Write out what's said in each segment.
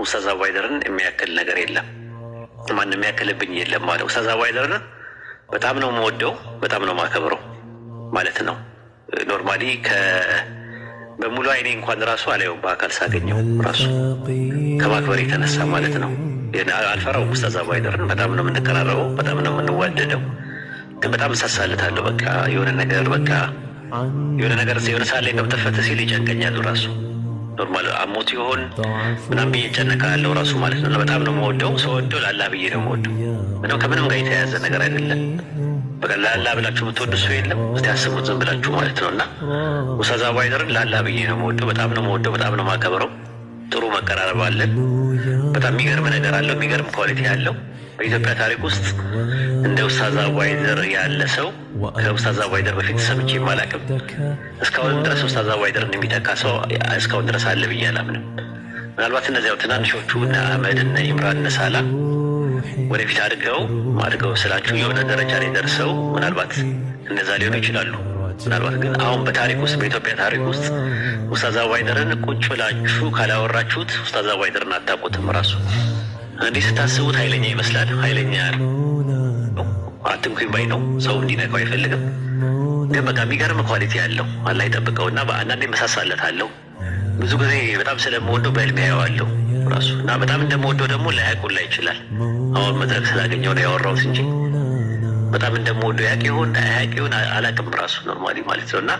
ኡስታዝ አቡሀይደርን የሚያክል ነገር የለም፣ ማንም የሚያክልብኝ የለም አለ። ኡስታዝ አቡሀይደርን በጣም ነው መወደው፣ በጣም ነው ማከብረው ማለት ነው። ኖርማሊ በሙሉ አይኔ እንኳን ራሱ አላየውም፣ በአካል ሳገኘው ራሱ ከማክበር የተነሳ ማለት ነው። አልፈራው ኡስታዝ አቡሀይደርን በጣም ነው የምንቀራረበው፣ በጣም ነው የምንዋደደው። ግን በጣም እሳሳልታለሁ። በቃ የሆነ ነገር በቃ የሆነ ነገር የሆነ ሰዓት ላይ ገብተህ ሲል ይጨንቀኛሉ ራሱ ኖርማል አሞት ይሆን ምናምን ብዬ እጨነቃለሁ ራሱ ማለት ነው። በጣም ነው የምወደው ሰው ወደው ላላ ብዬ ነው የምወደው። ምንም ከምንም ጋር የተያያዘ ነገር አይደለም። በቃ ላላ ብላችሁ የምትወዱ ሰው የለም። እስቲ አስቡት ዝም ብላችሁ ማለት ነው። እና ውሳዛ ባይደርን ላላ ብዬ ነው መወደው በጣም ነው የምወደው። በጣም ነው የማከብረው። ጥሩ መቀራረብ አለን። በጣም የሚገርም ነገር አለው። የሚገርም ኳሊቲ አለው። በኢትዮጵያ ታሪክ ውስጥ እንደ ኡስታዝ አቡአይደር ያለ ሰው ከኡስታዝ አቡአይደር በፊት ሰምቼ አላውቅም። እስካሁን ድረስ ኡስታዝ አቡአይደርን የሚተካ ሰው እስካሁን ድረስ አለ ብዬ አላምንም። ምናልባት እነዚያው ትናንሾቹ እነ አህመድ እነ ኢምራን እነ ሳላ ወደፊት አድገው አድገው ስላችሁ የሆነ ደረጃ ላይ ደርሰው ምናልባት እነዛ ሊሆኑ ይችላሉ። ምናልባት ግን አሁን በታሪክ ውስጥ በኢትዮጵያ ታሪክ ውስጥ ኡስታዝ አቡበከርን ቁጭ ብላችሁ ካላወራችሁት ኡስታዝ አቡበከርን አታውቁትም። ራሱ እንዲህ ስታስቡት ኃይለኛ ይመስላል። ኃይለኛ አትንኩኝ ባይ ነው። ሰው እንዲነካው አይፈልግም። ግን በቃ የሚገርም ኳሊቲ ያለው አላህ ይጠብቀው እና በአንዳንድ መሳሳለት አለው። ብዙ ጊዜ በጣም ስለምወደው በእድሜ ያየዋለሁ ራሱ እና በጣም እንደምወደው ደግሞ ላያቁላ ይችላል። አሁን መድረክ ስላገኘው ነው ያወራሁት እንጂ በጣም እንደምወደው ያውቅ ሆን አያውቅ ሆን አላቅም ራሱ ኖርማሊ ማለት ነው። እና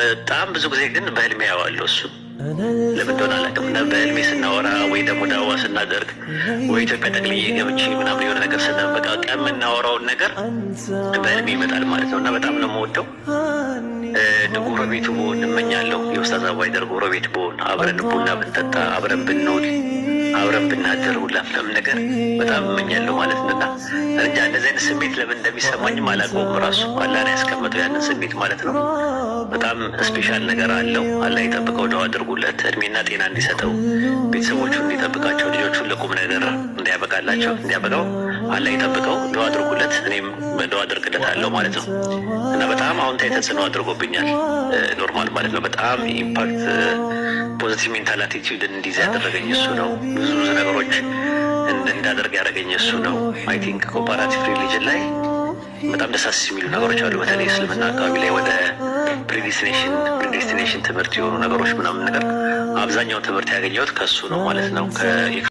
በጣም ብዙ ጊዜ ግን በህልሜ ያዋለው እሱ ለምን እንደሆነ አላውቅም። እና በህልሜ ስናወራ ወይ ደግሞ ዳዋ ስናደርግ ወይ ኢትዮጵያ ጠቅልዬ ገብቼ ምናምን የሆነ ነገር ስናበቃ ቀ የምናወራውን ነገር በህልሜ ይመጣል ማለት ነው። እና በጣም ነው የምወደው። ጎረቤቱ ብሆን እመኛለሁ። የውስታዝ አባይደር ጎረቤት ብሆን አብረን ቡና ብንጠጣ አብረን ብንሆን አብረን ብናደር ለምለም ነገር በጣም እመኛለሁ ማለት ነውና እንጃ እንደዚህ አይነት ስሜት ለምን እንደሚሰማኝ አላውቀውም። ራሱ አላህ ያስቀመጠው ያንን ስሜት ማለት ነው። በጣም ስፔሻል ነገር አለው። አላህ ይጠብቀው፣ ደው አድርጉለት፣ እድሜና ጤና እንዲሰጠው፣ ቤተሰቦቹ እንዲጠብቃቸው፣ ልጆቹን ለቁም ነገር እንዲያበቃላቸው እንዲያበቃው አላህ ይጠብቀው፣ ደው አድርጉለት። እኔም በደው አድርግለት አለው ማለት ነው እና በጣም አሁን ተጽዕኖ አድርጎብኛል። ኖርማል ማለት ነው በጣም ኢምፓክት ፖዚቲቭ ሜንታል አቲቲዩድ እንዲይዝ ያደረገኝ እሱ ነው። ብዙ ብዙ ነገሮች እንዳደርግ ያደረገኝ እሱ ነው። አይ ቲንክ ኮምፓራቲቭ ሪሊጅን ላይ በጣም ደሳስ የሚሉ ነገሮች አሉ። በተለይ እስልምና አካባቢ ላይ ወደ ፕሪዲስቲኔሽን ፕሪዲስቲኔሽን ትምህርት የሆኑ ነገሮች ምናምን ነገር አብዛኛው ትምህርት ያገኘሁት ከሱ ነው ማለት ነው።